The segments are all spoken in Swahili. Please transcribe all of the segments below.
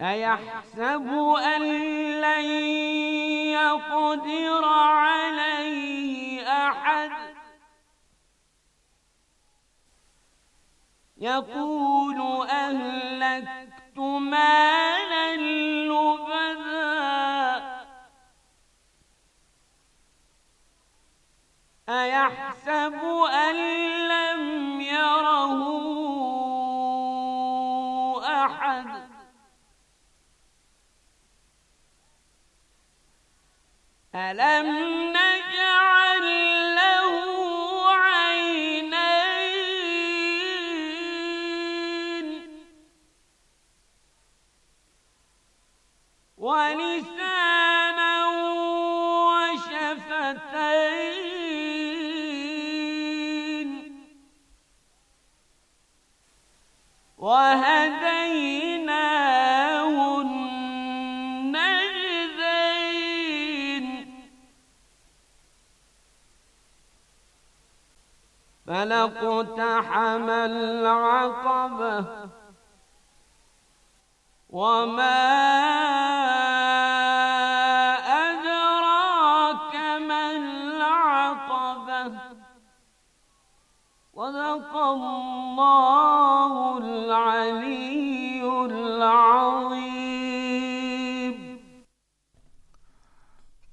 أيحسب أن لن يقدر عليه أحد يقول أهلكت مالا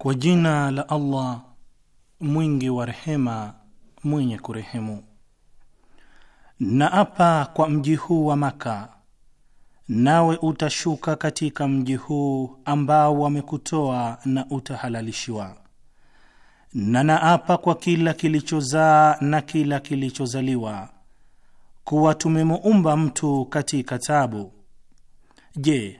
Kwa jina la Allah mwingi wa rehema, mwenye kurehemu. Na apa kwa mji huu wa Maka, nawe utashuka katika mji huu ambao wamekutoa na utahalalishiwa. Na naapa kwa kila kilichozaa na kila kilichozaliwa kuwa tumemuumba mtu katika tabu. Je,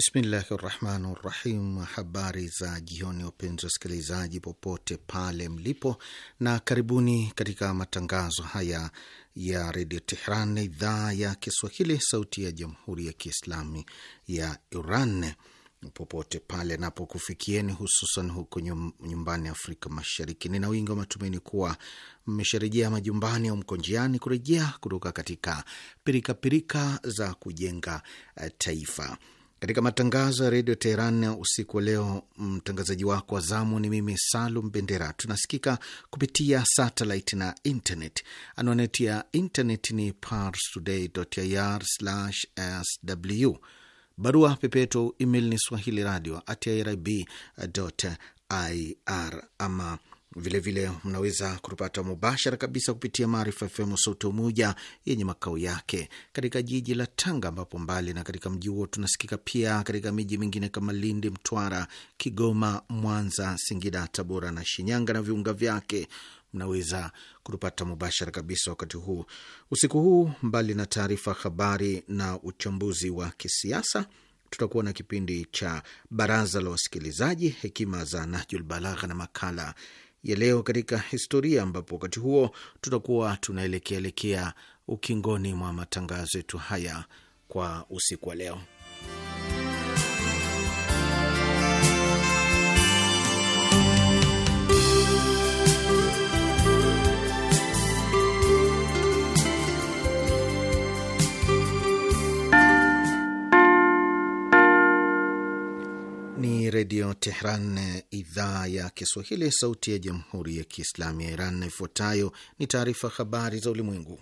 Bismillahi rahmani rahim. Habari za jioni, wapenzi wasikilizaji popote pale mlipo, na karibuni katika matangazo haya ya redio Tehran, idhaa ya Kiswahili, sauti ya jamhuri ya Kiislami ya Iran, popote pale napokufikieni, hususan huko nyumbani Afrika Mashariki. Nina wingi wa matumaini kuwa mmesharejea majumbani au mko njiani kurejea kutoka katika pirikapirika pirika za kujenga eh, taifa. Katika matangazo ya redio Teheran usiku wa leo, mtangazaji wako wa zamu ni mimi Salum Bendera. Tunasikika kupitia satelit na internet. Anwani ya internet ni parstoday.ir/sw, barua pepeto email ni swahili radio at irib.ir, ama Vilevile vile mnaweza kutupata mubashara kabisa kupitia Maarifa FM Sauti Umoja yenye makao yake katika jiji la Tanga, ambapo mbali na katika mji huo tunasikika pia katika miji mingine kama Lindi, Mtwara, Kigoma, Mwanza, Singida, Tabora na Shinyanga na viunga vyake. Mnaweza kutupata mubashara kabisa wakati huu usiku huu. Mbali na taarifa habari na uchambuzi wa kisiasa tutakuwa na kipindi cha baraza la wasikilizaji, hekima za Nahjul Balagha na makala ya leo katika historia, ambapo wakati huo tutakuwa tunaelekeaelekea ukingoni mwa matangazo yetu haya kwa usiku wa leo. Redio Tehran, idhaa ya Kiswahili, sauti ya Jamhuri ya Kiislamu ya Iran. Na ifuatayo ni taarifa habari za ulimwengu,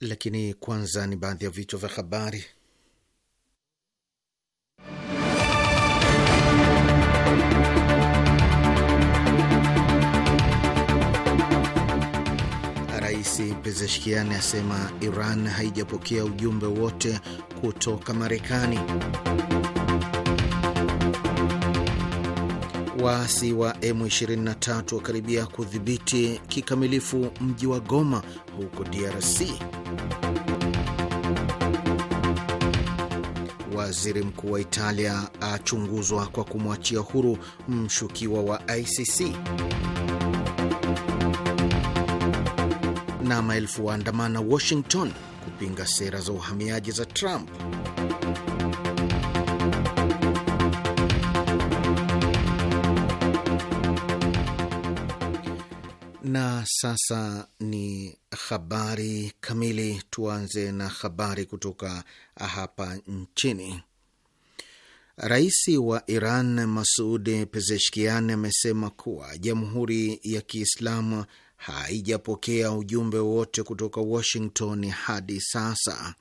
lakini kwanza ni baadhi ya vichwa vya habari. Rais Pezeshkian asema Iran haijapokea ujumbe wote kutoka Marekani. Waasi wa M23 wakaribia kudhibiti kikamilifu mji wa Goma huko DRC. Waziri mkuu wa Italia achunguzwa kwa kumwachia huru mshukiwa wa ICC na maelfu waandamana Washington kupinga sera za uhamiaji za Trump. Na sasa ni habari kamili. Tuanze na habari kutoka hapa nchini. Rais wa Iran Masud Pezeshkian amesema kuwa Jamhuri ya Kiislamu haijapokea ujumbe wote kutoka Washington hadi sasa.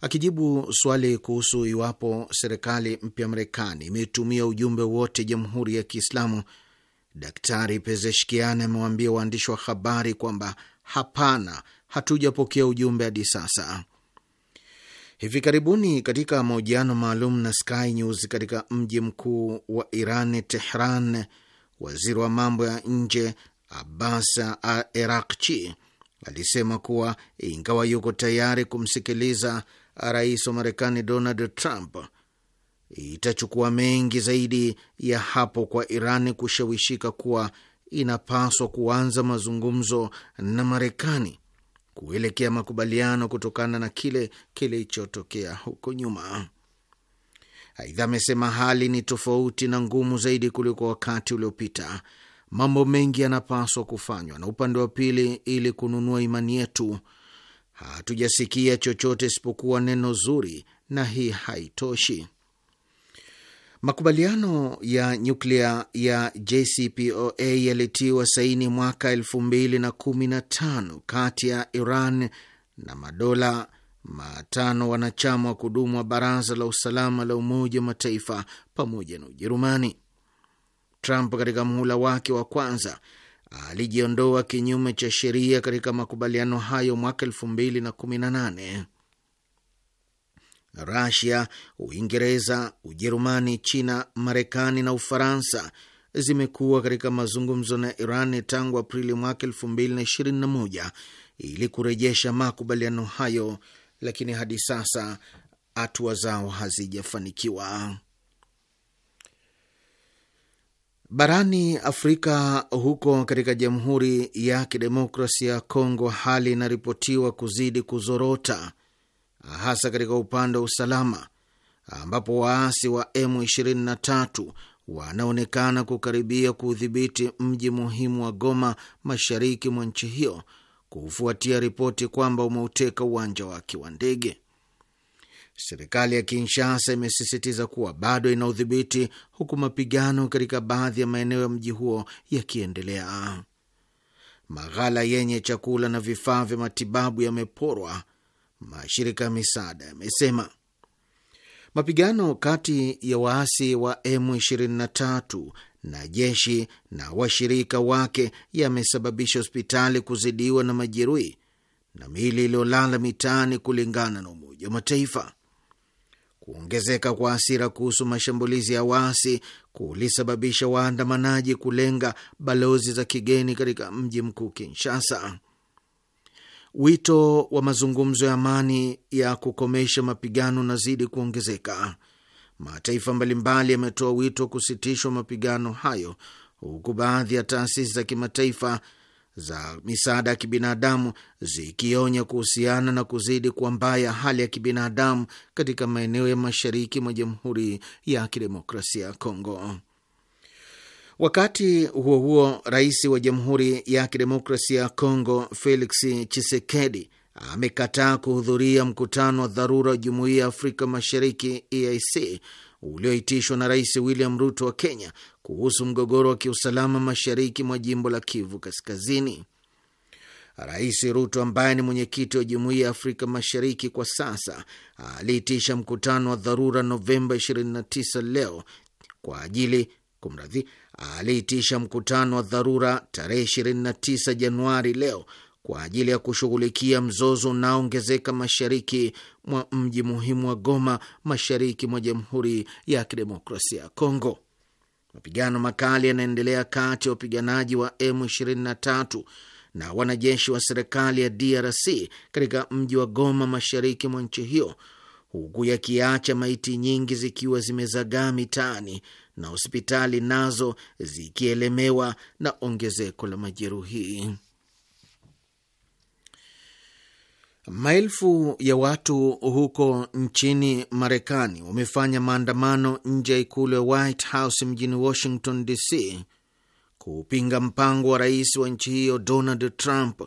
Akijibu swali kuhusu iwapo serikali mpya Marekani imetumia ujumbe wote Jamhuri ya Kiislamu, Daktari Pezeshkian amewaambia waandishi wa habari kwamba hapana, hatujapokea ujumbe hadi sasa. Hivi karibuni katika mahojiano maalum na Sky News katika mji mkuu wa Iran, Tehran, waziri wa mambo ya nje Abbas Arakchi alisema kuwa ingawa yuko tayari kumsikiliza rais wa Marekani Donald Trump, itachukua mengi zaidi ya hapo kwa iran kushawishika kuwa inapaswa kuanza mazungumzo na Marekani kuelekea makubaliano kutokana na kile kilichotokea huko nyuma. Aidha, amesema hali ni tofauti na ngumu zaidi kuliko wakati uliopita Mambo mengi yanapaswa kufanywa na upande wa pili ili kununua imani yetu. Hatujasikia chochote isipokuwa neno zuri, na hii haitoshi. Makubaliano ya nyuklia ya JCPOA yalitiwa saini mwaka 215 kati ya Iran na madola matano wanachama wa kudumu wa Baraza la Usalama la Umoja wa Mataifa pamoja na Ujerumani. Trump katika muhula wake wa kwanza alijiondoa kinyume cha sheria katika makubaliano hayo mwaka elfu mbili na kumi na nane. Rasia, Uingereza, Ujerumani, China, Marekani na Ufaransa zimekuwa katika mazungumzo na Iran tangu Aprili mwaka elfu mbili na ishirini na moja ili kurejesha makubaliano hayo, lakini hadi sasa hatua zao hazijafanikiwa. Barani Afrika, huko katika Jamhuri ya Kidemokrasia ya Kongo, hali inaripotiwa kuzidi kuzorota, hasa katika upande wa usalama, ambapo waasi wa M23 wanaonekana kukaribia kuudhibiti mji muhimu wa Goma, mashariki mwa nchi hiyo, kufuatia ripoti kwamba umeuteka uwanja wake wa ndege. Serikali ya Kinshasa imesisitiza kuwa bado ina udhibiti, huku mapigano katika baadhi ya maeneo ya mji huo yakiendelea. Maghala yenye chakula na vifaa vya matibabu yameporwa, mashirika ya misaada yamesema. Mapigano kati ya waasi wa M23 na jeshi na washirika wake yamesababisha hospitali kuzidiwa na majeruhi na miili iliyolala mitaani, kulingana na Umoja wa Mataifa. Kuongezeka kwa hasira kuhusu mashambulizi ya waasi kulisababisha waandamanaji kulenga balozi za kigeni katika mji mkuu Kinshasa. Wito wa mazungumzo ya amani ya kukomesha mapigano unazidi kuongezeka. Mataifa mbalimbali yametoa wito wa kusitishwa mapigano hayo, huku baadhi ya taasisi za kimataifa za misaada ya kibinadamu zikionya kuhusiana na kuzidi kuwa mbaya hali ya kibinadamu katika maeneo ya mashariki mwa Jamhuri ya Kidemokrasia ya Kongo. Wakati huo huo, rais wa Jamhuri ya Kidemokrasia ya Kongo Felix Tshisekedi amekataa kuhudhuria mkutano wa dharura wa Jumuiya ya Afrika Mashariki EAC ulioitishwa na Rais William Ruto wa Kenya kuhusu mgogoro wa kiusalama mashariki mwa jimbo la Kivu Kaskazini. Rais Ruto ambaye ni mwenyekiti wa Jumuiya ya Afrika Mashariki kwa sasa aliitisha mkutano wa dharura Novemba 29 leo kwa ajili kumradhi, aliitisha mkutano wa dharura tarehe 29 Januari leo kwa ajili ya kushughulikia mzozo unaoongezeka mashariki mwa mji muhimu wa Goma, mashariki mwa Jamhuri ya Kidemokrasia ya Kongo. Mapigano makali yanaendelea kati ya wapiganaji wa M23 na wanajeshi wa serikali ya DRC katika mji wa Goma, mashariki mwa nchi hiyo, huku yakiacha maiti nyingi zikiwa zimezagaa mitaani na hospitali nazo zikielemewa na ongezeko la majeruhi. Maelfu ya watu huko nchini Marekani wamefanya maandamano nje ya ikulu ya White House mjini Washington DC kupinga mpango wa rais wa nchi hiyo Donald Trump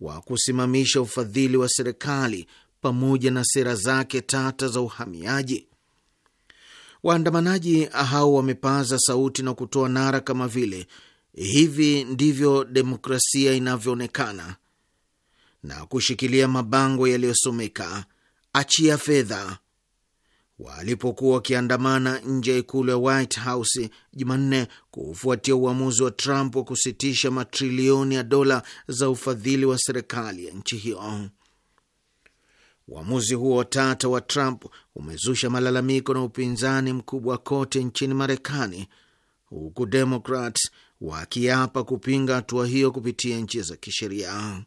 wa kusimamisha ufadhili wa serikali pamoja na sera zake tata za uhamiaji. Waandamanaji hao wamepaza sauti na kutoa nara kama vile, hivi ndivyo demokrasia inavyoonekana na kushikilia mabango yaliyosomeka achia fedha. Walipokuwa wakiandamana nje ya ikulu ya White House Jumanne kufuatia uamuzi wa Trump wa kusitisha matrilioni ya dola za ufadhili wa serikali ya nchi hiyo. Uamuzi huo tata wa Trump umezusha malalamiko na upinzani mkubwa kote nchini Marekani, huku Democrats wakiapa kupinga hatua hiyo kupitia nchi za kisheria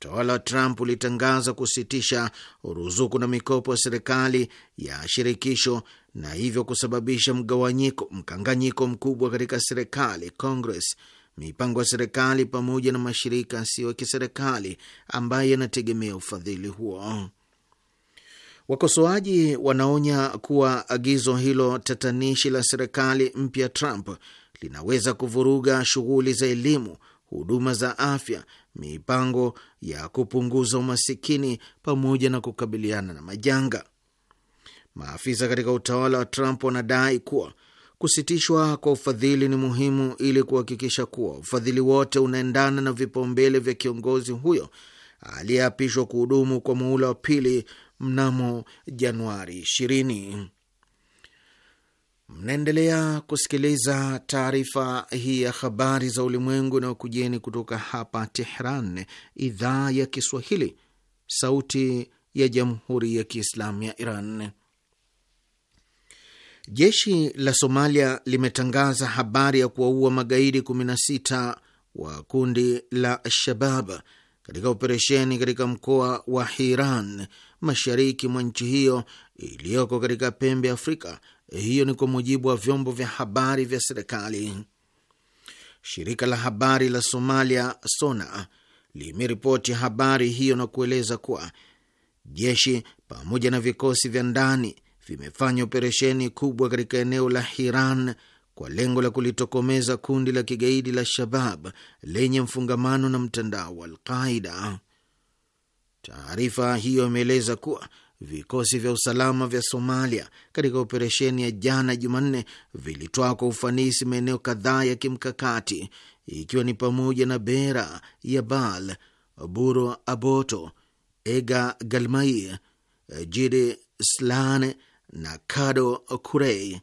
utawala wa Trump ulitangaza kusitisha ruzuku na mikopo ya serikali ya shirikisho na hivyo kusababisha mgawanyiko, mkanganyiko mkubwa katika serikali, Congress, mipango ya serikali pamoja na mashirika yasiyo ya kiserikali ambayo yanategemea ufadhili huo. Wakosoaji wanaonya kuwa agizo hilo tatanishi la serikali mpya Trump linaweza kuvuruga shughuli za elimu huduma za afya, mipango ya kupunguza umasikini pamoja na kukabiliana na majanga. Maafisa katika utawala wa Trump wanadai kuwa kusitishwa kwa ufadhili ni muhimu ili kuhakikisha kuwa ufadhili wote unaendana na vipaumbele vya kiongozi huyo aliyeapishwa kuhudumu kwa muhula wa pili mnamo Januari 20. Mnaendelea kusikiliza taarifa hii ya habari za ulimwengu na ukujieni kutoka hapa Tehran, idhaa ya Kiswahili, sauti ya jamhuri ya kiislamu ya Iran. Jeshi la Somalia limetangaza habari ya kuwaua magaidi 16 wa kundi la Al-Shabab katika operesheni katika mkoa wa Hiran, mashariki mwa nchi hiyo iliyoko katika pembe Afrika hiyo ni kwa mujibu wa vyombo vya habari vya serikali. Shirika la habari la Somalia SONA limeripoti habari hiyo na kueleza kuwa jeshi pamoja na vikosi vya ndani vimefanya operesheni kubwa katika eneo la Hiran kwa lengo la kulitokomeza kundi la kigaidi la Shabab lenye mfungamano na mtandao wa Alqaida. Taarifa hiyo imeeleza kuwa Vikosi vya usalama vya Somalia katika operesheni ya jana Jumanne vilitoa kwa ufanisi maeneo kadhaa ya kimkakati ikiwa ni pamoja na Bera, Yabal, Buro, Aboto, Ega, Galmai, Jiri, Slane na Kado Kurei.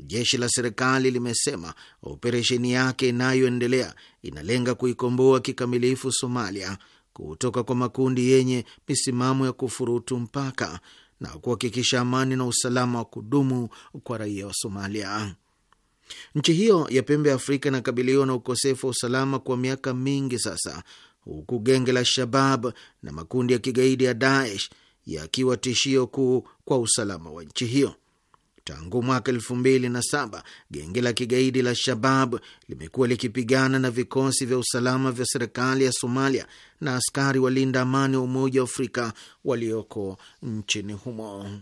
Jeshi la serikali limesema operesheni yake inayoendelea inalenga kuikomboa kikamilifu Somalia kutoka kwa makundi yenye misimamo ya kufurutu mpaka na kuhakikisha amani na usalama wa kudumu kwa raia wa Somalia. Nchi hiyo ya pembe ya Afrika inakabiliwa na ukosefu wa usalama kwa miaka mingi sasa, huku genge la Shabab na makundi ya kigaidi ya Daesh yakiwa tishio kuu kwa usalama wa nchi hiyo. Tangu mwaka elfu mbili na saba genge la kigaidi la Shabab limekuwa likipigana na vikosi vya usalama vya serikali ya Somalia na askari walinda amani wa Umoja wa Afrika walioko nchini humo.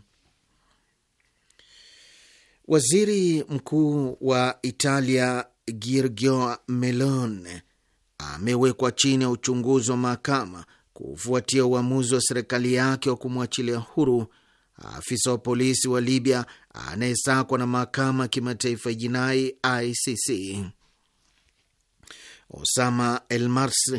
Waziri Mkuu wa Italia giorgio Meloni amewekwa chini ya uchunguzi wa mahakama kufuatia uamuzi wa serikali yake wa kumwachilia huru afisa wa polisi wa Libya anayesakwa na mahakama ya kimataifa ya jinai ICC. Osama El mars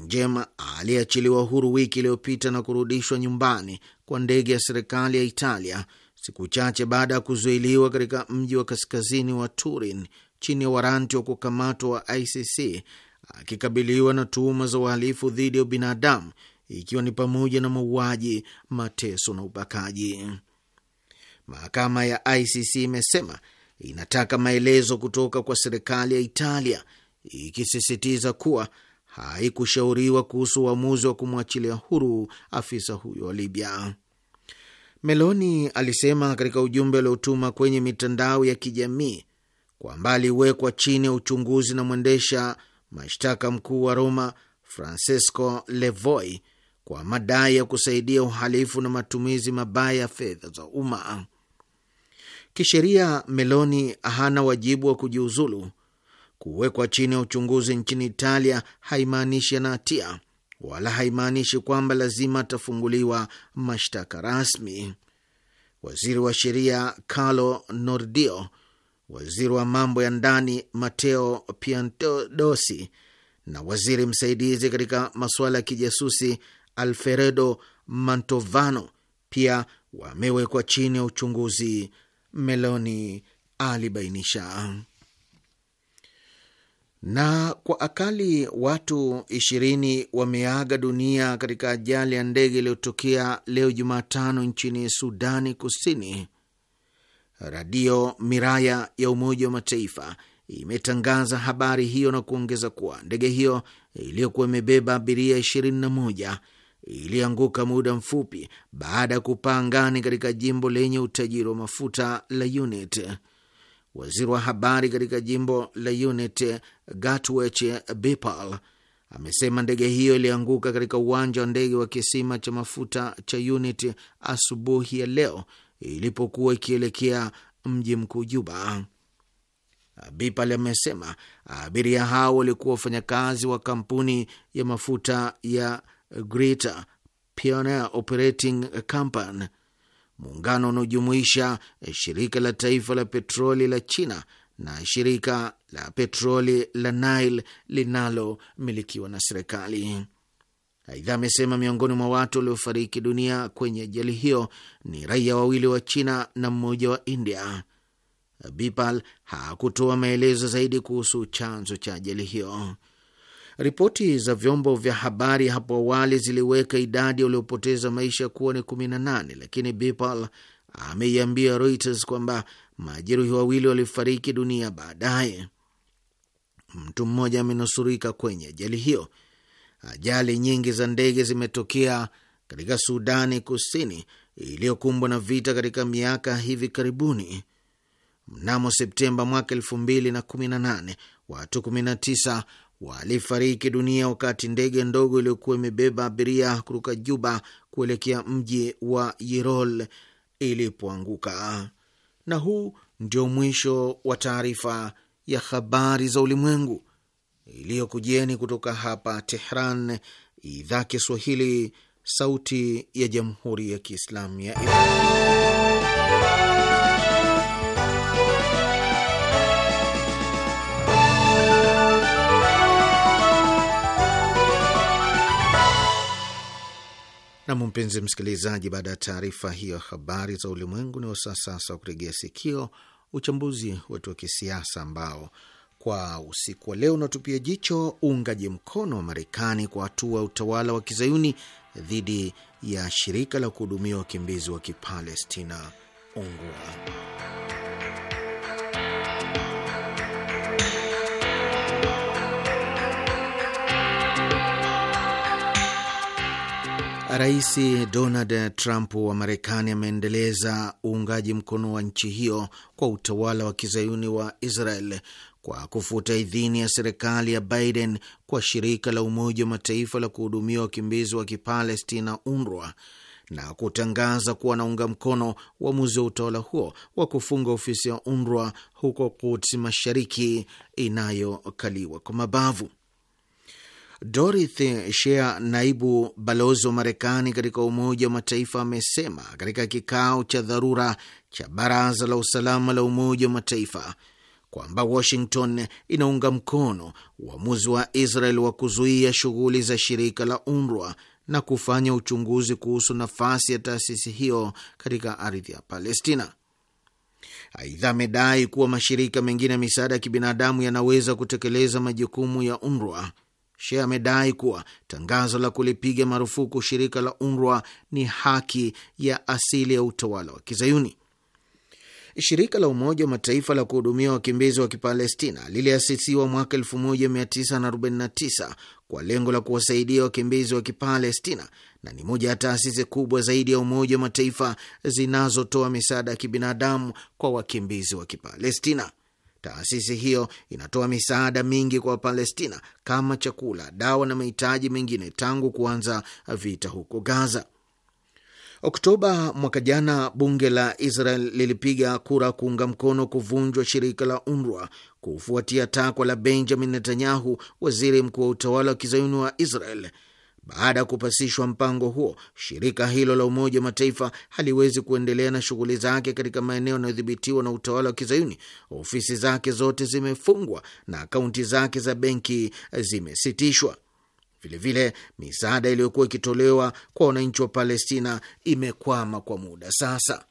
njema aliyeachiliwa huru wiki iliyopita na kurudishwa nyumbani kwa ndege ya serikali ya Italia siku chache baada ya kuzuiliwa katika mji wa kaskazini wa Turin chini ya waranti wa kukamatwa wa ICC akikabiliwa na tuhuma za uhalifu dhidi ya binadamu ikiwa ni pamoja na mauaji, mateso na ubakaji. Mahakama ya ICC imesema inataka maelezo kutoka kwa serikali ya Italia, ikisisitiza kuwa haikushauriwa kuhusu uamuzi wa kumwachilia huru afisa huyo wa Libya. Meloni alisema katika ujumbe aliotuma kwenye mitandao ya kijamii kwamba aliwekwa chini ya uchunguzi na mwendesha mashtaka mkuu wa Roma Francesco Levoi kwa madai ya kusaidia uhalifu na matumizi mabaya ya fedha za umma. Kisheria, Meloni hana wajibu wa kujiuzulu. Kuwekwa chini ya uchunguzi nchini Italia haimaanishi ana hatia wala haimaanishi kwamba lazima atafunguliwa mashtaka rasmi. Waziri wa sheria Carlo Nordio, waziri wa mambo ya ndani Matteo Piantedosi na waziri msaidizi katika masuala ya kijasusi Alfredo Mantovano pia wamewekwa chini ya uchunguzi Meloni alibainisha. Na kwa akali watu ishirini wameaga dunia katika ajali ya ndege iliyotokea leo Jumatano nchini Sudani Kusini. radio Miraya ya Umoja wa Mataifa imetangaza habari hiyo na kuongeza kuwa ndege hiyo iliyokuwa imebeba abiria na moja ilianguka muda mfupi baada ya kupaa angani katika jimbo lenye utajiri wa mafuta la Unit. Waziri wa habari katika jimbo la Unit, Gatwech Bipal, amesema ndege hiyo ilianguka katika uwanja wa ndege wa kisima cha mafuta cha Unit asubuhi ya leo ilipokuwa ikielekea mji mkuu Juba. Bipal amesema abiria hao walikuwa wafanyakazi wa kampuni ya mafuta ya Great Pioneer Operating Company, muungano unaojumuisha shirika la taifa la petroli la China na shirika la petroli la Nile linalomilikiwa na serikali. Aidha, amesema miongoni mwa watu waliofariki dunia kwenye ajali hiyo ni raia wawili wa China na mmoja wa India. Bipal hakutoa maelezo zaidi kuhusu chanzo cha ajali hiyo. Ripoti za vyombo vya habari hapo awali ziliweka idadi waliopoteza maisha kuwa ni 18 lakini Bipal ameiambia Reuters kwamba majeruhi wawili walifariki dunia baadaye. Mtu mmoja amenusurika kwenye ajali hiyo. Ajali nyingi za ndege zimetokea katika Sudani Kusini iliyokumbwa na vita katika miaka hivi karibuni. Mnamo Septemba mwaka 2018 watu 19 walifariki dunia wakati ndege ndogo iliyokuwa imebeba abiria kutoka Juba kuelekea mji wa yirol ilipoanguka. Na huu ndio mwisho wa taarifa ya habari za ulimwengu iliyokujieni kutoka hapa Tehran, idhaa Kiswahili, sauti ya jamhuri ya kiislamu ya Iran. Nam, mpenzi msikilizaji, baada ya taarifa hiyo habari za ulimwengu, ni wasaa sasa wa kuregea sikio uchambuzi wetu wa kisiasa ambao kwa usiku wa leo unatupia jicho uungaji mkono wa Marekani kwa hatua ya utawala wa kizayuni dhidi ya shirika la kuhudumia wakimbizi wa Kipalestina UNRWA. Rais Donald Trump wa Marekani ameendeleza uungaji mkono wa nchi hiyo kwa utawala wa kizayuni wa Israel kwa kufuta idhini ya serikali ya Biden kwa shirika la Umoja wa Mataifa la kuhudumia wakimbizi wa Kipalestina, UNRWA, na kutangaza kuwa anaunga mkono uamuzi wa utawala huo wa kufunga ofisi ya UNRWA huko Quds Mashariki inayokaliwa kwa mabavu. Dorothy Shea, naibu balozi wa Marekani katika Umoja wa Mataifa, amesema katika kikao cha dharura cha Baraza la Usalama la Umoja wa Mataifa kwamba Washington inaunga mkono uamuzi wa Israel wa kuzuia shughuli za shirika la UNRWA na kufanya uchunguzi kuhusu nafasi ya taasisi hiyo katika ardhi ya Palestina. Aidha, amedai kuwa mashirika mengine ya misaada ya kibinadamu yanaweza kutekeleza majukumu ya UNRWA Shea amedai kuwa tangazo la kulipiga marufuku shirika la UNRWA ni haki ya asili ya utawala wa Kizayuni. Shirika la Umoja wa Mataifa la kuhudumia wakimbizi wa Kipalestina liliasisiwa mwaka 1949 kwa lengo la kuwasaidia wakimbizi wa Kipalestina na ni moja ya taasisi kubwa zaidi ya Umoja wa Mataifa zinazotoa misaada ya kibinadamu kwa wakimbizi wa Kipalestina. Taasisi hiyo inatoa misaada mingi kwa Wapalestina kama chakula, dawa na mahitaji mengine tangu kuanza vita huko Gaza. Oktoba mwaka jana, bunge la Israel lilipiga kura kuunga mkono kuvunjwa shirika la UNRWA kufuatia takwa la Benjamin Netanyahu, waziri mkuu wa utawala wa kizayuni wa Israel baada ya kupasishwa mpango huo, shirika hilo la Umoja wa Mataifa haliwezi kuendelea na shughuli zake katika maeneo yanayodhibitiwa na utawala wa Kizayuni. Ofisi zake zote zimefungwa na akaunti zake za benki zimesitishwa. Vilevile, misaada iliyokuwa ikitolewa kwa wananchi wa Palestina imekwama kwa muda sasa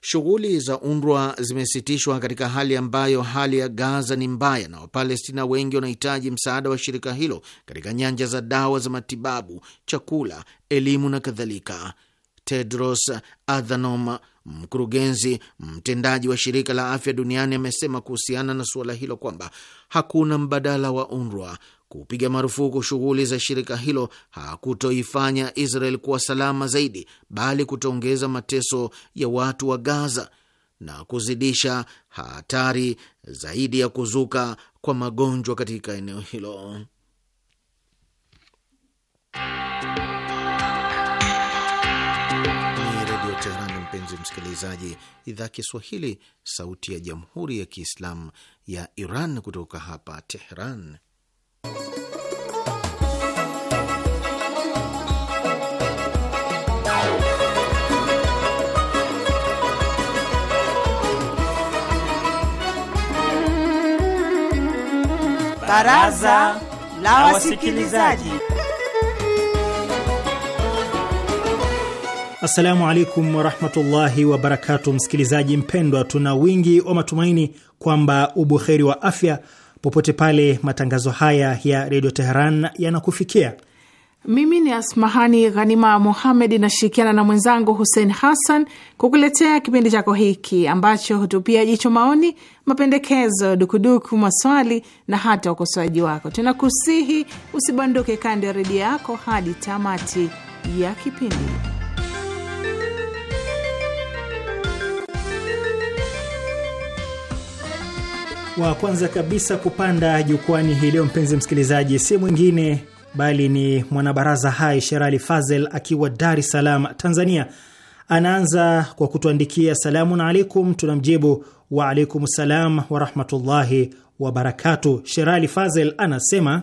shughuli za UNRWA zimesitishwa katika hali ambayo hali ya Gaza ni mbaya na Wapalestina wengi wanahitaji msaada wa shirika hilo katika nyanja za dawa za matibabu, chakula, elimu na kadhalika. Tedros Adhanom, mkurugenzi mtendaji wa shirika la afya duniani, amesema kuhusiana na suala hilo kwamba hakuna mbadala wa UNRWA Kupiga marufuku shughuli za shirika hilo hakutoifanya Israel kuwa salama zaidi, bali kutaongeza mateso ya watu wa Gaza na kuzidisha hatari zaidi ya kuzuka kwa magonjwa katika eneo hilo. Mpenzi msikilizaji, idhaa Kiswahili, sauti ya jamhuri ya kiislamu ya Iran kutoka hapa Tehran. Baraza la Wasikilizaji. Assalamu alaikum warahmatullahi wabarakatu, msikilizaji mpendwa, tuna wingi wa matumaini kwamba ubuheri wa afya popote pale matangazo haya ya redio Teheran yanakufikia. Mimi ni Asmahani Ghanima muhamed nashirikiana na mwenzangu Hussein Hassan kukuletea kipindi chako hiki ambacho hutupia jicho maoni, mapendekezo, dukuduku, maswali na hata ukosoaji wako. Tunakusihi usibanduke kando ya redio yako hadi tamati ya kipindi. Wa kwanza kabisa kupanda jukwani hii leo, mpenzi msikilizaji, si mwingine bali ni mwanabaraza hai Sherali Fazel akiwa Dar es Salaam, Tanzania. Anaanza kwa kutuandikia salamun alaikum, mjibu wa alaikum salam warahmatullahi wabarakatu. Sherali Fazel anasema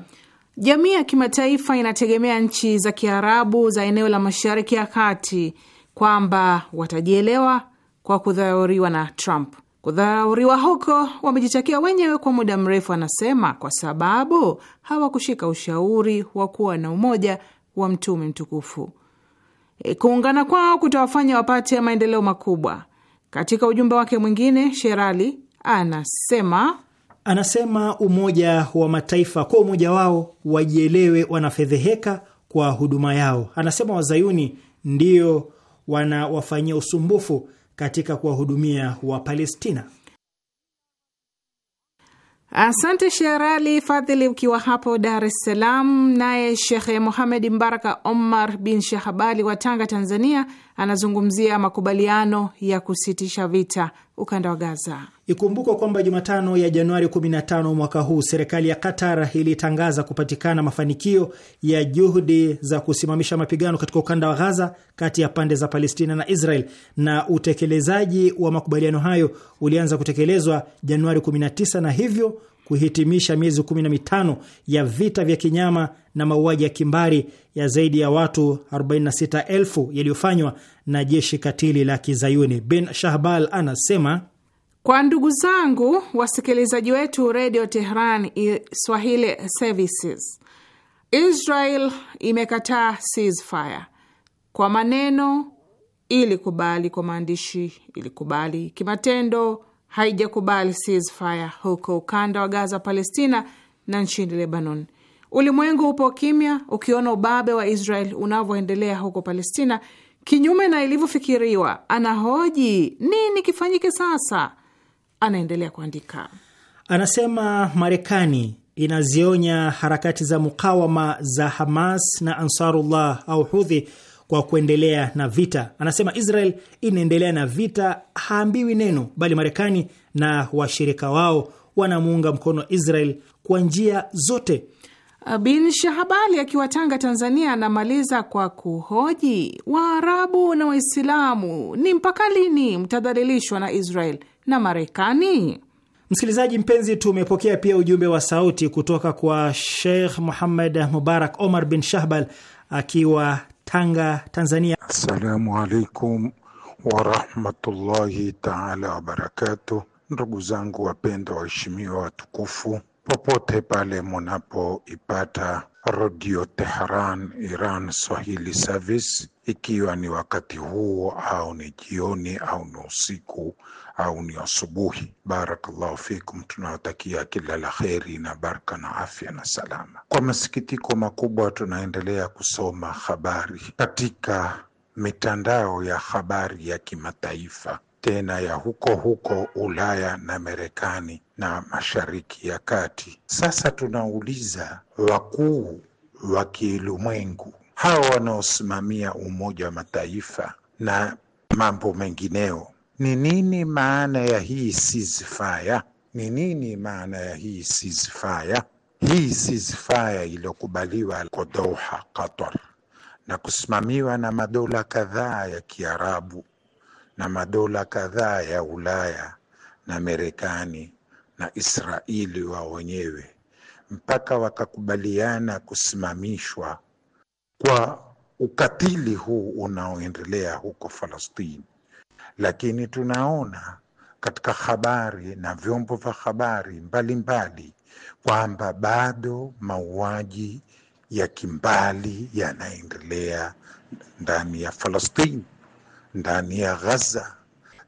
jamii ya kimataifa inategemea nchi za Kiarabu za eneo la Mashariki ya Kati kwamba watajielewa kwa kudhauriwa na Trump kudhauriwa huko wamejitakia wenyewe kwa muda mrefu, anasema, kwa sababu hawakushika ushauri wa kuwa na umoja wa mtume mtukufu. E, kuungana kwao kutawafanya wapate maendeleo makubwa. Katika ujumbe wake mwingine, Sherali anasema anasema Umoja wa Mataifa kwa umoja wao wajielewe wanafedheheka kwa huduma yao. Anasema Wazayuni ndio wanawafanyia usumbufu katika kuwahudumia Wapalestina. Asante Sherali Fadhili, ukiwa hapo Dar es Salaam. Naye Shekhe Mohamed Mbaraka Omar bin Shahabali wa Tanga, Tanzania, anazungumzia makubaliano ya kusitisha vita ukanda wa Gaza. Ikumbukwa kwamba Jumatano ya Januari 15 mwaka huu serikali ya Qatar ilitangaza kupatikana mafanikio ya juhudi za kusimamisha mapigano katika ukanda wa Gaza kati ya pande za Palestina na Israel, na utekelezaji wa makubaliano hayo ulianza kutekelezwa Januari 19 na hivyo kuhitimisha miezi 15 ya vita vya kinyama na mauaji ya kimbari ya zaidi ya watu 46,000 yaliyofanywa na jeshi katili la Kizayuni. Bin Shahbal anasema kwa ndugu zangu wasikilizaji wetu Radio Tehran Swahili Services, Israel imekataa ceasefire kwa maneno, ilikubali kwa maandishi, ilikubali kimatendo haijakubali ceasefire huko ukanda wa Gaza, Palestina na nchini Lebanon. Ulimwengu upo kimya ukiona ubabe wa Israel unavyoendelea huko Palestina kinyume na ilivyofikiriwa. Anahoji nini kifanyike sasa? Anaendelea kuandika, anasema Marekani inazionya harakati za mukawama za Hamas na Ansarullah au Hudhi kwa kuendelea na vita. Anasema Israel inaendelea na vita, haambiwi neno, bali Marekani na washirika wao wanamuunga mkono Israel kwa njia zote. Bin Shahabali akiwa Tanga, Tanzania, anamaliza kwa kuhoji Waarabu na Waislamu ni mpaka lini mtadhalilishwa na Israel na Marekani? Msikilizaji mpenzi, tumepokea pia ujumbe wa sauti kutoka kwa Sheikh Muhammad Mubarak Omar bin Shahbal akiwa Tanga, Tanzania. Assalamu alaikum warahmatullahi taala wabarakatuh. Ndugu zangu wapendwa waheshimiwa, watukufu, popote pale munapoipata Radio Tehran Iran Swahili Service, ikiwa ni wakati huu au ni jioni au ni usiku au ni asubuhi. Barakallahu fikum, tunawatakia kila la kheri na baraka na afya na salama. Kwa masikitiko makubwa, tunaendelea kusoma habari katika mitandao ya habari ya kimataifa tena ya huko huko Ulaya na Marekani na Mashariki ya Kati. Sasa tunauliza wakuu wa kiulimwengu hawa wanaosimamia Umoja wa Mataifa na mambo mengineo ni nini maana ya hii ceasefire? Ni nini maana ya hii ceasefire? Hii ceasefire iliyokubaliwa kwa Doha, Qatar, na kusimamiwa na madola kadhaa ya Kiarabu na madola kadhaa ya Ulaya na Marekani na Israeli wao wenyewe, mpaka wakakubaliana kusimamishwa kwa ukatili huu unaoendelea huko Falastini lakini tunaona katika habari na vyombo vya habari mbalimbali kwamba bado mauaji ya kimbali yanaendelea ndani ya Falastini, ndani ya ghaza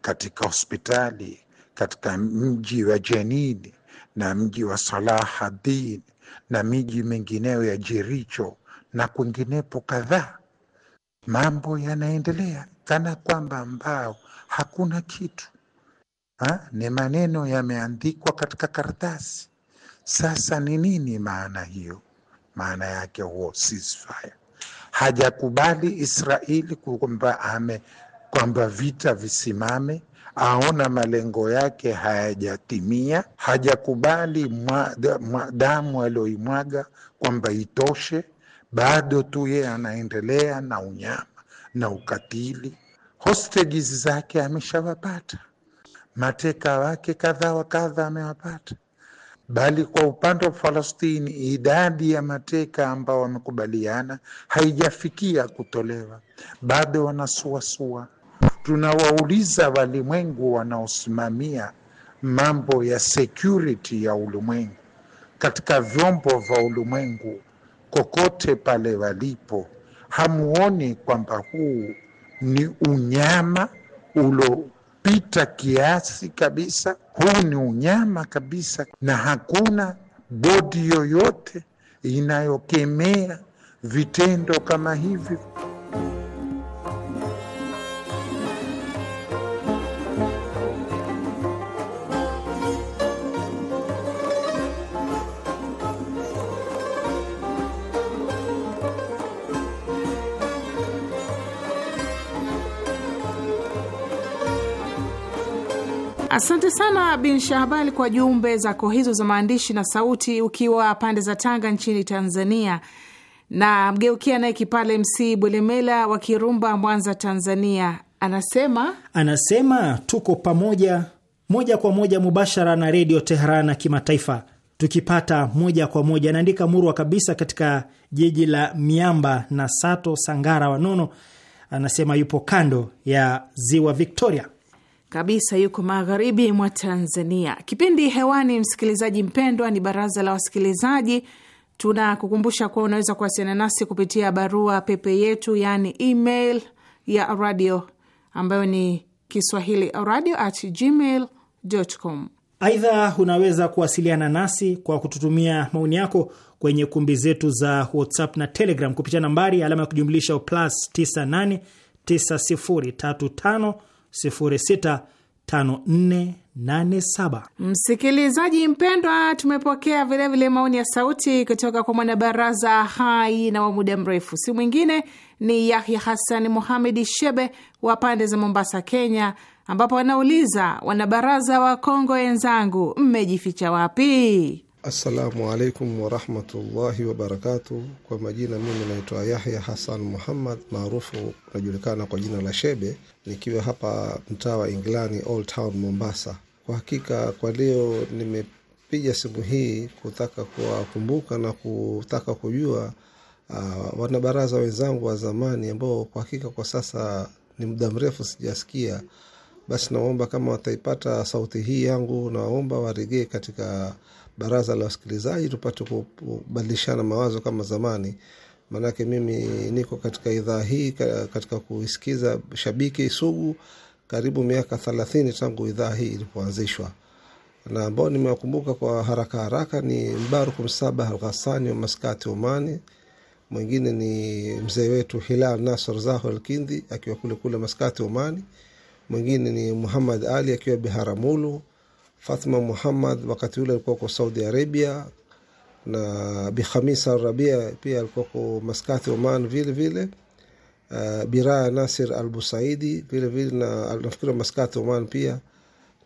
katika hospitali, katika mji wa Jenini na mji wa salahadin din na miji mingineo ya Jericho na kwinginepo kadhaa, mambo yanaendelea kana kwamba ambao hakuna kitu ha? Ni maneno yameandikwa katika karatasi. Sasa ni nini maana hiyo? Maana yake huo ceasefire hajakubali Israeli kwamba ame kwamba vita visimame, aona malengo yake hayajatimia. Hajakubali damu aliyoimwaga kwamba itoshe, bado tu yeye anaendelea na unyama na ukatili hostages zake ameshawapata, mateka wake kadha wa kadha amewapata, bali kwa upande wa Falastini idadi ya mateka ambao wamekubaliana haijafikia kutolewa, bado wanasuasua. Tunawauliza walimwengu wanaosimamia mambo ya security ya ulimwengu katika vyombo vya ulimwengu kokote pale walipo, hamuoni kwamba huu ni unyama uliopita kiasi kabisa. Huu ni unyama kabisa, na hakuna bodi yoyote inayokemea vitendo kama hivyo. Asante sana Bin Shahbali kwa jumbe zako hizo za maandishi na sauti, ukiwa pande za Tanga nchini Tanzania. Na mgeukia naye Kipale MC Bwelemela wa Kirumba, Mwanza, Tanzania, anasema anasema tuko pamoja moja kwa moja mubashara na Redio ya kimataifa tukipata moja kwa moja, anaandika murwa kabisa katika jiji la miamba na Sato Sangara Wanono, anasema yupo kando ya ziwa Victoria kabisa yuko magharibi mwa Tanzania. Kipindi hewani, msikilizaji mpendwa, ni baraza la wasikilizaji. Tunakukumbusha kuwa unaweza kuwasiliana nasi kupitia barua pepe yetu, yaani email ya radio ambayo ni kiswahili radio at gmail com. Aidha, unaweza kuwasiliana nasi kwa kututumia maoni yako kwenye kumbi zetu za WhatsApp na Telegram kupitia nambari alama ya kujumlisha plus 98 903 Msikilizaji mpendwa, tumepokea vilevile maoni ya sauti kutoka kwa mwanabaraza hai na wa muda mrefu, si mwingine ni Yahya Hassan Muhamedi Shebe wa pande za Mombasa, Kenya, ambapo wanauliza wanabaraza wa Kongo wenzangu, mmejificha wapi? Assalamu alaikum warahmatullahi wabarakatu. Kwa majina mimi naitwa Yahya hasan Muhammad, maarufu najulikana kwa jina la Shebe, nikiwa hapa mtaa wa Inglani, Old Town Mombasa. Kwa hakika kwa leo nimepiga simu hii kutaka kuwakumbuka na kutaka kujua uh, wanabaraza wenzangu wa zamani ambao kwa hakika kwa sasa ni muda mrefu sijasikia. Basi nawaomba kama wataipata sauti hii yangu, nawaomba waregee katika baraza la wasikilizaji tupate kubadilishana mawazo kama zamani maanake mimi niko katika idhaa hii katika kuisikiza shabiki sugu karibu miaka thelathini tangu idhaa hii ilipoanzishwa na ambao nimewakumbuka kwa haraka haraka ni mbaruku msaba alghasani wa maskati omani mwingine ni mzee wetu hilal nasor zaho alkindhi akiwa kule kule maskati omani mwingine ni muhamad ali akiwa biharamulu Fatma Muhammad wakati ule alikuwa kwa Saudi Arabia na Bihamisa Rabia pia alikuwa kwa Maskati Oman vile vile uh, Biraya Nasir al Busaidi vile vile na nafikiri Maskati Oman pia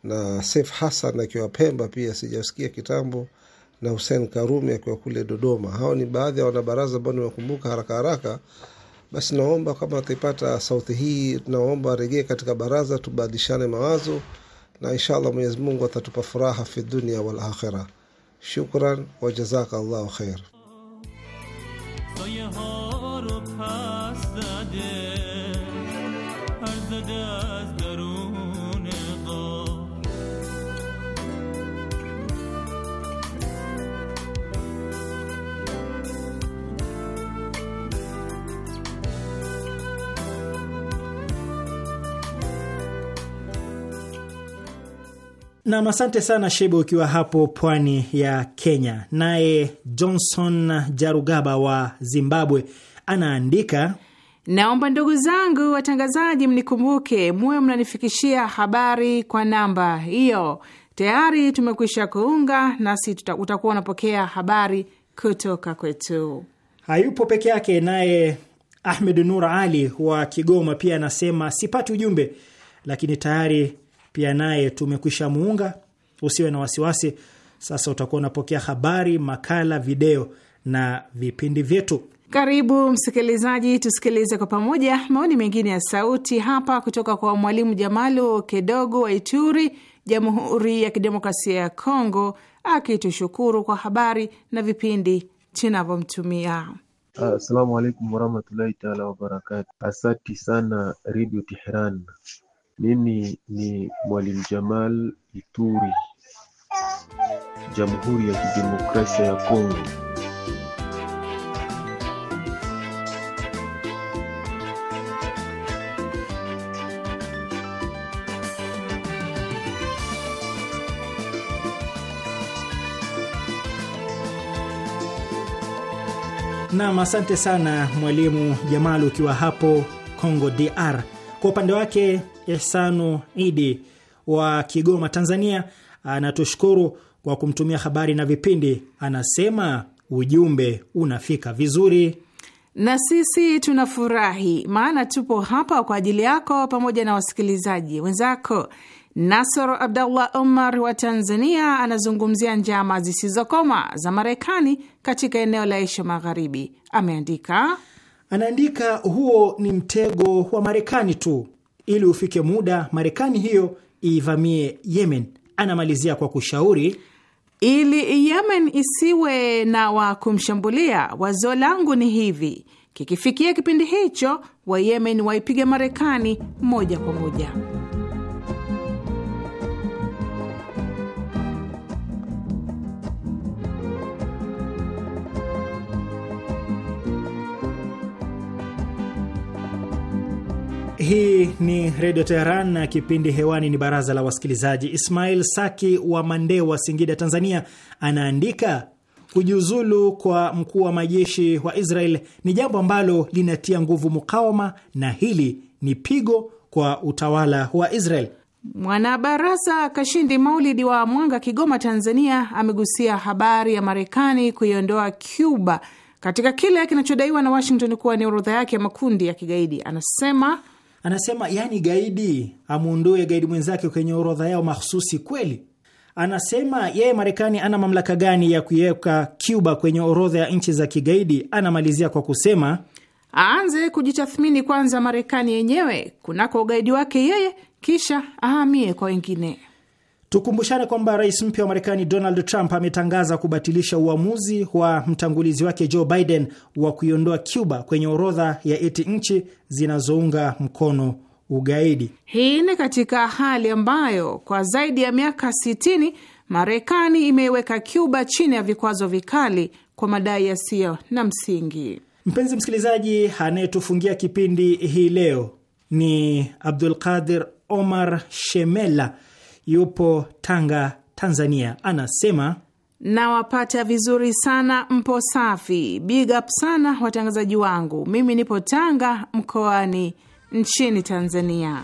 na Sef Hasan akiwa Pemba pia sijasikia kitambo na Hussein Karumi akiwa kule Dodoma. Hao ni baadhi ya wanabaraza ambao nimekumbuka haraka haraka. Basi naomba kama ataipata sauti hii, naomba aregee katika baraza, tubadilishane mawazo na insha allah mwenyezi mungu atatupa furaha fi dunia wal akhira shukran wa jazaka allahu khair سایه Nam, asante sana Shebe, ukiwa hapo pwani ya Kenya. Naye Johnson Jarugaba wa Zimbabwe anaandika Naomba ndugu zangu watangazaji, mnikumbuke muwe mnanifikishia habari kwa namba hiyo. Tayari tumekwisha kuunga, nasi utakuwa unapokea habari kutoka kwetu. Hayupo peke yake. Naye Ahmed Nur Ali wa Kigoma pia anasema sipati ujumbe, lakini tayari pia naye tumekwisha muunga. Usiwe na wasiwasi, sasa utakuwa unapokea habari, makala, video na vipindi vyetu. Karibu msikilizaji, tusikilize kwa pamoja maoni mengine ya sauti hapa kutoka kwa Mwalimu Jamalu Kedogo wa Ituri, Jamhuri ya Kidemokrasia ya Kongo, akitushukuru kwa habari na vipindi tunavyomtumia. Asalamu alaikum warahmatullahi taala wabarakatu. Asanti sana Redio Tehran mimi ni Mwalimu Jamal Ituri Jamhuri ya Kidemokrasia ya Kongo. Nam, asante sana Mwalimu Jamal ukiwa hapo Kongo DR. Kwa upande wake Esanu Idi wa Kigoma, Tanzania, anatushukuru kwa kumtumia habari na vipindi. Anasema ujumbe unafika vizuri na sisi tunafurahi, maana tupo hapa kwa ajili yako pamoja na wasikilizaji wenzako. Nasor Abdallah Omar wa Tanzania anazungumzia njama zisizokoma za Marekani katika eneo la Asia Magharibi. Ameandika, anaandika huo ni mtego wa Marekani tu ili ufike muda Marekani hiyo iivamie Yemen. Anamalizia kwa kushauri ili Yemen isiwe na wa kumshambulia, wazo langu ni hivi: kikifikia kipindi hicho, Wayemen waipige Marekani moja kwa moja. Hii ni Redio Teheran na kipindi hewani ni baraza la wasikilizaji. Ismail Saki wa wa Singida, Tanzania, anaandika kujiuzulu kwa mkuu wa majeshi wa Israel ni jambo ambalo linatia nguvu mukawama, na hili ni pigo kwa utawala wa Israel. Mwanabaraza Kashindi Maulidi wa Mwanga, Kigoma, Tanzania, amegusia habari ya Marekani kuiondoa Cuba katika kile kinachodaiwa na Washington kuwa ni orodha yake ya makundi ya kigaidi. Anasema Anasema yani gaidi amuondoe gaidi mwenzake kwenye orodha yao mahsusi kweli? Anasema yeye Marekani ana mamlaka gani ya kuiweka Cuba kwenye orodha ya nchi za kigaidi? Anamalizia kwa kusema aanze kujitathmini kwanza Marekani yenyewe kunako ugaidi wake yeye, kisha ahamie kwa wengine. Tukumbushane kwamba rais mpya wa Marekani Donald Trump ametangaza kubatilisha uamuzi wa mtangulizi wake Joe Biden wa kuiondoa Cuba kwenye orodha ya eti nchi zinazounga mkono ugaidi. Hii ni katika hali ambayo kwa zaidi ya miaka 60 Marekani imeiweka Cuba chini ya vikwazo vikali kwa madai yasiyo na msingi. Mpenzi msikilizaji, anayetufungia kipindi hii leo ni Abdulqadir Omar Shemela yupo Tanga, Tanzania, anasema nawapata vizuri sana, mpo safi. Big up sana watangazaji wangu, mimi nipo Tanga mkoani nchini Tanzania.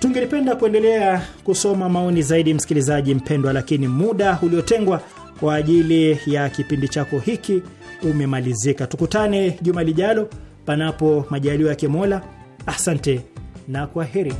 Tungelipenda kuendelea kusoma maoni zaidi, msikilizaji mpendwa, lakini muda uliotengwa kwa ajili ya kipindi chako hiki umemalizika. Tukutane juma lijalo, panapo majaliwa ya Kimola. Asante na kwa heri.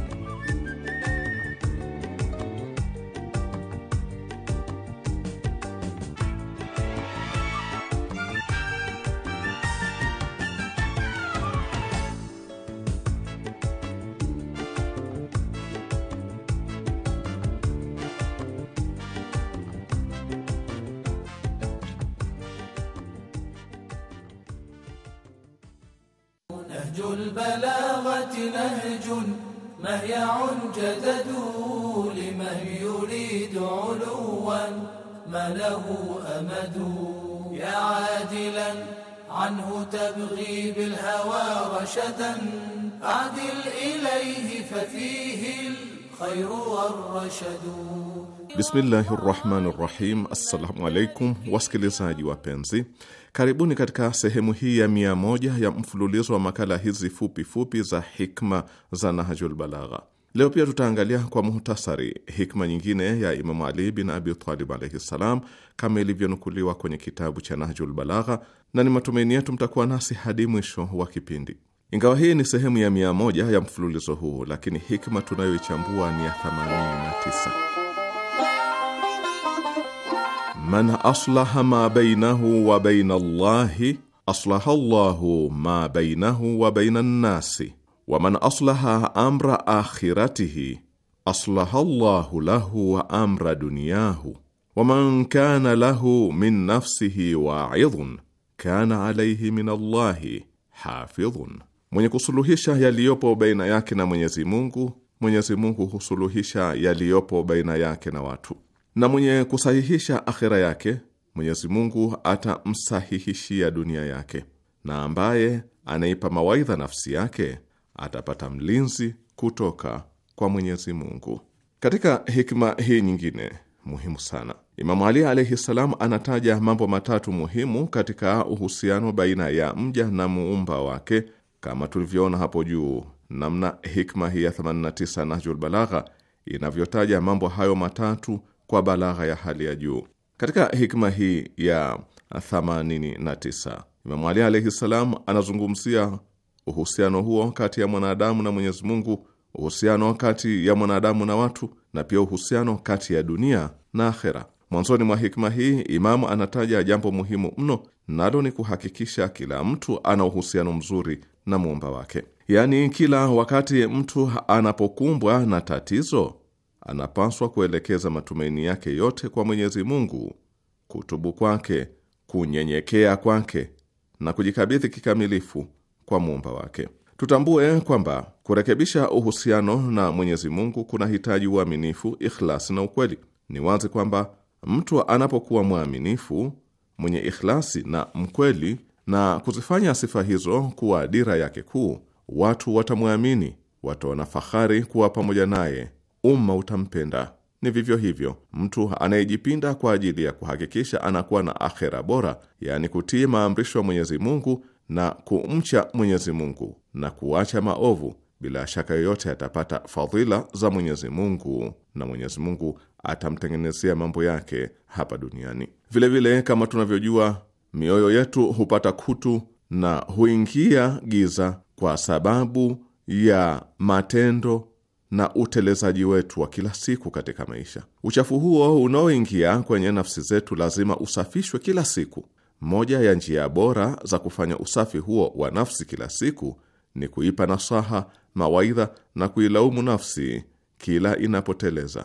وله أمد يا عادلا عنه تبغي بالهوى رشدا أعدل إليه ففيه الخير والرشد Bismillahi rahmani rahim. Assalamu alaikum wasikilizaji wapenzi, karibuni katika sehemu hii ya mia moja ya mfululizo wa makala hizi fupi fupi za hikma za Nahjul Balagha. Leo pia tutaangalia kwa muhtasari hikma nyingine ya Imamu Ali bin Abi Talib alaihi ssalam, kama ilivyonukuliwa kwenye kitabu cha Nahjul Balagha, na ni matumaini yetu mtakuwa nasi hadi mwisho wa kipindi. Ingawa hii ni sehemu ya mia moja ya mfululizo huu, lakini hikma tunayoichambua ni ya 89 Man aslaha ma bainahu wa baina llahi aslaha llahu ma bainahu wa baina nnasi man aslaha amra akhiratihi aslaha llahu lahu wa amra dunyahu man kana lahu min nafsihi waidhun kana alaihi min allahi hafidhun, mwenye kusuluhisha yaliyopo baina yake na Mwenyezi Mungu, Mwenyezi Mungu husuluhisha yaliyopo baina yake na watu, na mwenye kusahihisha akhira yake Mwenyezi Mungu atamsahihishia dunia yake, na ambaye anaipa mawaidha nafsi yake atapata mlinzi kutoka kwa Mwenyezi Mungu. Katika hikma hii nyingine muhimu sana, Imamu Ali alaihi ssalam anataja mambo matatu muhimu katika uhusiano baina ya mja na muumba wake, kama tulivyoona hapo juu namna hikma hii ya 89 Nahjul Balagha inavyotaja mambo hayo matatu kwa balagha ya hali ya juu. Katika hikma hii ya 89 Imamu Ali alaihi ssalam anazungumzia uhusiano huo kati ya mwanadamu na Mwenyezi Mungu, uhusiano kati ya mwanadamu na watu, na pia uhusiano kati ya dunia na akhera. Mwanzoni mwa hikma hii Imamu anataja jambo muhimu mno, nalo ni kuhakikisha kila mtu ana uhusiano mzuri na muumba wake. Yaani, kila wakati mtu anapokumbwa na tatizo, anapaswa kuelekeza matumaini yake yote kwa Mwenyezi Mungu, kutubu kwake, kunyenyekea kwake na kujikabidhi kikamilifu kwa muumba wake. Tutambue kwamba kurekebisha uhusiano na Mwenyezi Mungu hitaji uaminifu, ikhlasi na ukweli. Ni wazi kwamba mtu anapokuwa mwaminifu, mwenye ikhlasi na mkweli na kuzifanya sifa hizo kuwa dira yake kuu, watu watamwamini, wataona fahari kuwa pamoja naye, umma utampenda. Ni vivyo hivyo mtu anayejipinda kwa ajili ya kuhakikisha anakuwa na akhera bora, yaani kutii maamrisho ya Mwenyezi Mungu na kumcha Mwenyezi Mungu na kuacha maovu, bila shaka yoyote atapata fadhila za Mwenyezi Mungu na Mwenyezi Mungu atamtengenezea mambo yake hapa duniani. Vilevile vile, kama tunavyojua mioyo yetu hupata kutu na huingia giza kwa sababu ya matendo na utelezaji wetu wa kila siku katika maisha. Uchafu huo unaoingia kwenye nafsi zetu lazima usafishwe kila siku, moja ya njia bora za kufanya usafi huo wa nafsi kila siku ni kuipa nasaha, mawaidha na kuilaumu nafsi kila inapoteleza.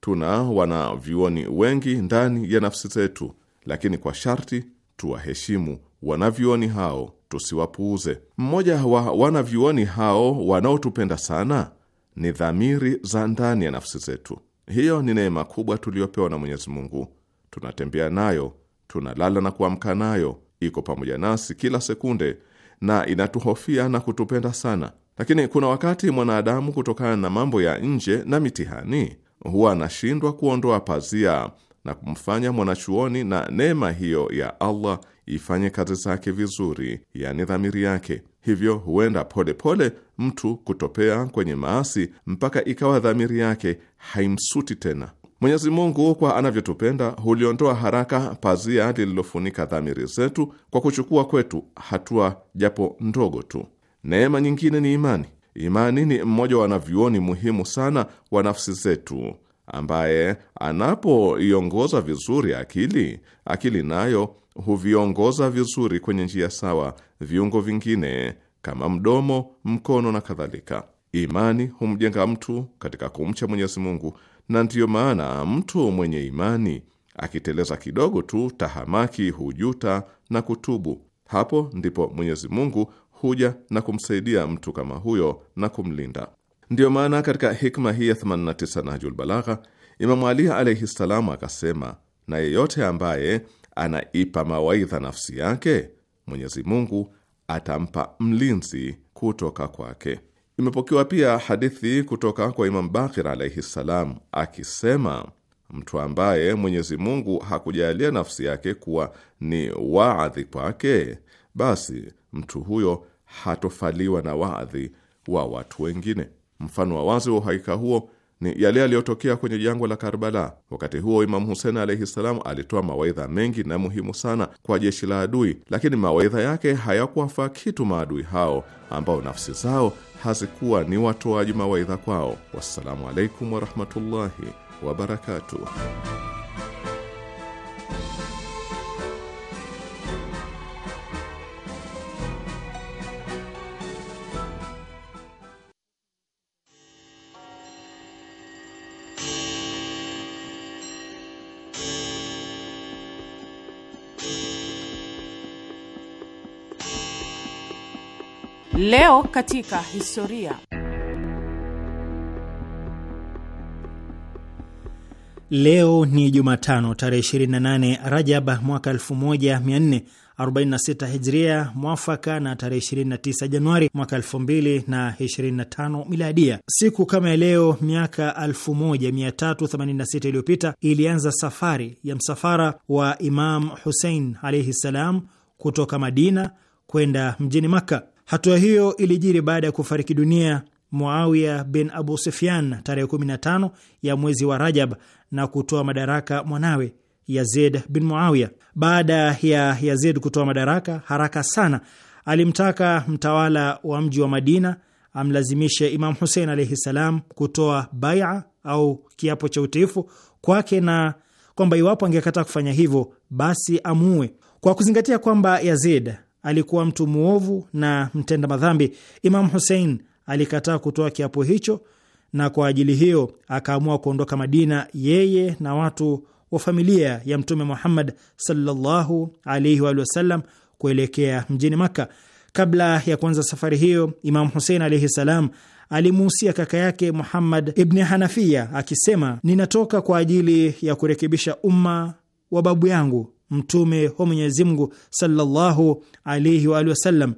Tuna wanavyuoni wengi ndani ya nafsi zetu, lakini kwa sharti tuwaheshimu wanavyuoni hao, tusiwapuuze. Mmoja wa wanavyuoni hao wanaotupenda sana ni dhamiri za ndani ya nafsi zetu. Hiyo ni neema kubwa tuliyopewa na Mwenyezi Mungu, tunatembea nayo tunalala na kuamka nayo, iko pamoja nasi kila sekunde na inatuhofia na kutupenda sana. Lakini kuna wakati mwanadamu, kutokana na mambo ya nje na mitihani, huwa anashindwa kuondoa pazia na kumfanya mwanachuoni na neema hiyo ya Allah ifanye kazi zake vizuri, yani dhamiri yake. Hivyo huenda polepole pole mtu kutopea kwenye maasi mpaka ikawa dhamiri yake haimsuti tena. Mwenyezi Mungu kwa anavyotupenda huliondoa haraka pazia lililofunika dhamiri zetu kwa kuchukua kwetu hatua japo ndogo tu. Neema nyingine ni imani. Imani ni mmoja wa wanavyuoni muhimu sana wa nafsi zetu, ambaye anapoiongoza vizuri akili, akili nayo huviongoza vizuri kwenye njia sawa viungo vingine kama mdomo, mkono na kadhalika. Imani humjenga mtu katika kumcha Mwenyezi Mungu na ndiyo maana mtu mwenye imani akiteleza kidogo tu tahamaki hujuta na kutubu. Hapo ndipo Mwenyezi Mungu huja na kumsaidia mtu kama huyo na kumlinda. Ndiyo maana katika hikma hii ya 89 Nahjul Balagha, Imamu Ali alaihi ssalamu akasema, na yeyote ambaye anaipa mawaidha nafsi yake Mwenyezi Mungu atampa mlinzi kutoka kwake. Imepokewa pia hadithi kutoka kwa Imam Bakir alaihi ssalam akisema, mtu ambaye Mwenyezi Mungu hakujalia nafsi yake kuwa ni waadhi kwake, basi mtu huyo hatofaliwa na waadhi wa watu wengine. Mfano wa wazi wa uhakika huo ni yale yaliyotokea kwenye jangwa la Karbala. Wakati huo Imamu Husen alaihi ssalam alitoa mawaidha mengi na muhimu sana kwa jeshi la adui, lakini mawaidha yake hayakuwafaa kitu maadui hao ambao nafsi zao hazikuwa ni watoaji mawaidha kwao. Wassalamu alaikum warahmatullahi wabarakatuh. Leo katika historia. Leo ni Jumatano tarehe 28 Rajab mwaka 1446 Hijria, mwafaka na tarehe 29 Januari mwaka 2025 Miladia. Siku kama ya leo miaka 1386 iliyopita ilianza safari ya msafara wa Imam Husein alaihi ssalam kutoka Madina kwenda mjini Makka. Hatua hiyo ilijiri baada ya kufariki dunia Muawiya bin Abu Sufyan tarehe 15 ya mwezi wa Rajab na kutoa madaraka mwanawe Yazid bin Muawiya. Baada ya Yazid kutoa madaraka haraka sana, alimtaka mtawala wa mji wa Madina amlazimishe Imam Husein alaihi salam kutoa baia au kiapo cha utiifu kwake na kwamba iwapo angekataa kufanya hivyo basi amuue. Kwa kuzingatia kwamba Yazid alikuwa mtu mwovu na mtenda madhambi. Imamu Husein alikataa kutoa kiapo hicho, na kwa ajili hiyo akaamua kuondoka Madina, yeye na watu wa familia ya Mtume Muhammad sallallahu alaihi wa sallam kuelekea mjini Makka. Kabla ya kuanza safari hiyo, Imamu Husein alaihi salam alimuhusia kaka yake Muhammad ibni Hanafia akisema, ninatoka kwa ajili ya kurekebisha umma wa babu yangu Mtume wa Mwenyezi Mungu sallallahu alaihi wa alihi wasallam,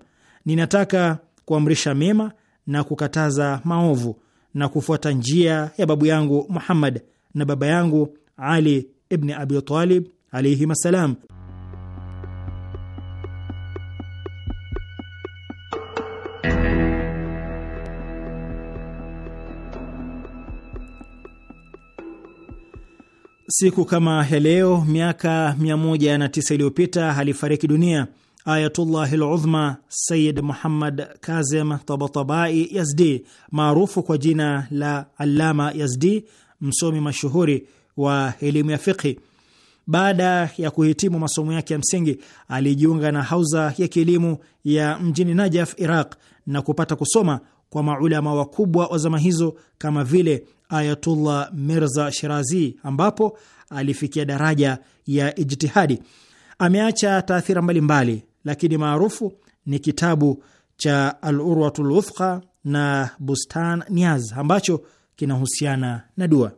ninataka kuamrisha mema na kukataza maovu na kufuata njia ya babu yangu Muhammad na baba yangu Ali ibni Abi Talib alaihim assalam. Siku kama ya leo miaka 109 iliyopita alifariki dunia Ayatullah Ludhma Sayid Muhammad Kazem Tabatabai Yazdi, maarufu kwa jina la Allama Yazdi, msomi mashuhuri wa elimu ya fiqhi. Baada ya kuhitimu masomo yake ya msingi, alijiunga na hauza ya kielimu ya mjini Najaf, Iraq, na kupata kusoma kwa maulama wakubwa wa zama hizo kama vile Ayatullah Mirza Shirazi, ambapo alifikia daraja ya ijtihadi. Ameacha taathira mbalimbali, lakini maarufu ni kitabu cha al Lwuthqa na Bustan Niaz ambacho kinahusiana na dua.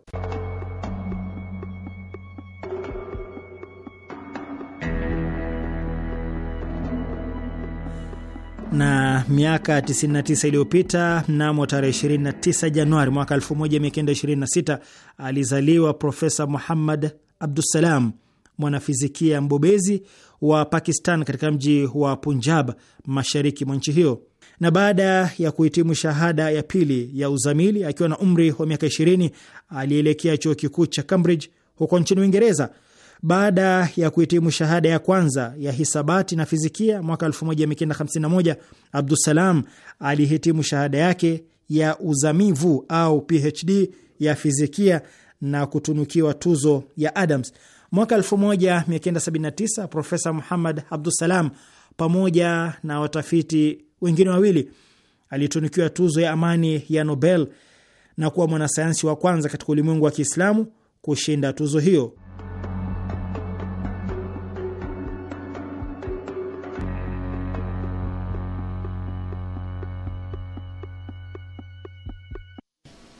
na miaka 99 iliyopita, mnamo tarehe 29 Januari mwaka 1926 alizaliwa Profesa Muhammad Abdusalam, mwanafizikia mbobezi wa Pakistan katika mji wa Punjab, mashariki mwa nchi hiyo. Na baada ya kuhitimu shahada ya pili ya uzamili akiwa na umri wa miaka 20, alielekea chuo kikuu cha Cambridge huko nchini Uingereza baada ya kuhitimu shahada ya kwanza ya hisabati na fizikia mwaka 1951, Abdusalam alihitimu shahada yake ya uzamivu au PhD ya fizikia na kutunukiwa tuzo ya Adams. Mwaka 1979 Profesa Muhammad Abdusalam pamoja na watafiti wengine wawili alitunukiwa tuzo ya amani ya Nobel na kuwa mwanasayansi wa kwanza katika ulimwengu wa Kiislamu kushinda tuzo hiyo.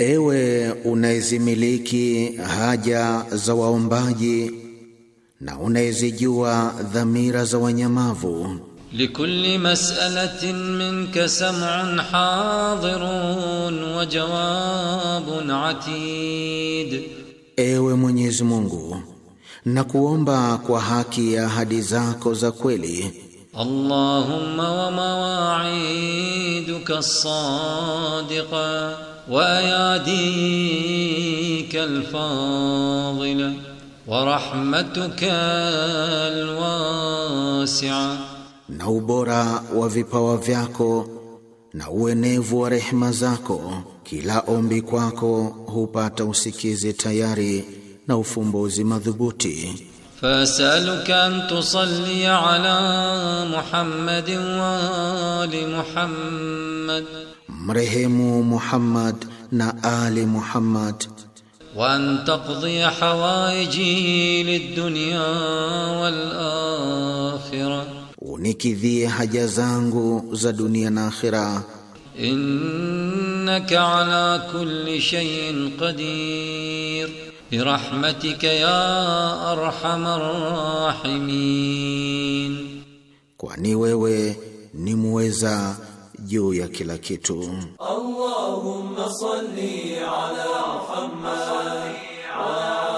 Ewe unayezimiliki haja za waombaji na unayezijua dhamira za wanyamavu. likulli mas'alatin minka sam'un hadirun wa jawabun atid, Ewe Mwenyezi Mungu, na kuomba kwa haki ya ahadi zako za kweli. Allahumma wa mawa'iduka sadiqa وأياديك الفاضلة ورحمتك الواسعة na ubora wa vipawa vyako na uenevu wa rehema zako, kila ombi kwako hupata usikizi tayari na ufumbuzi madhubuti. فاسألك أن تصلي على محمد وآل محمد mrehemu Muhammad na Ali Muhammad وأن تقضي حوائجي wal والآخرة unikidhie haja zangu za dunia na akhira innaka ala kulli shay'in qadir rahmatika ya arhamar rahimin kwani wewe ni muweza juu ya kila kitu. Allahumma salli ala Muhammad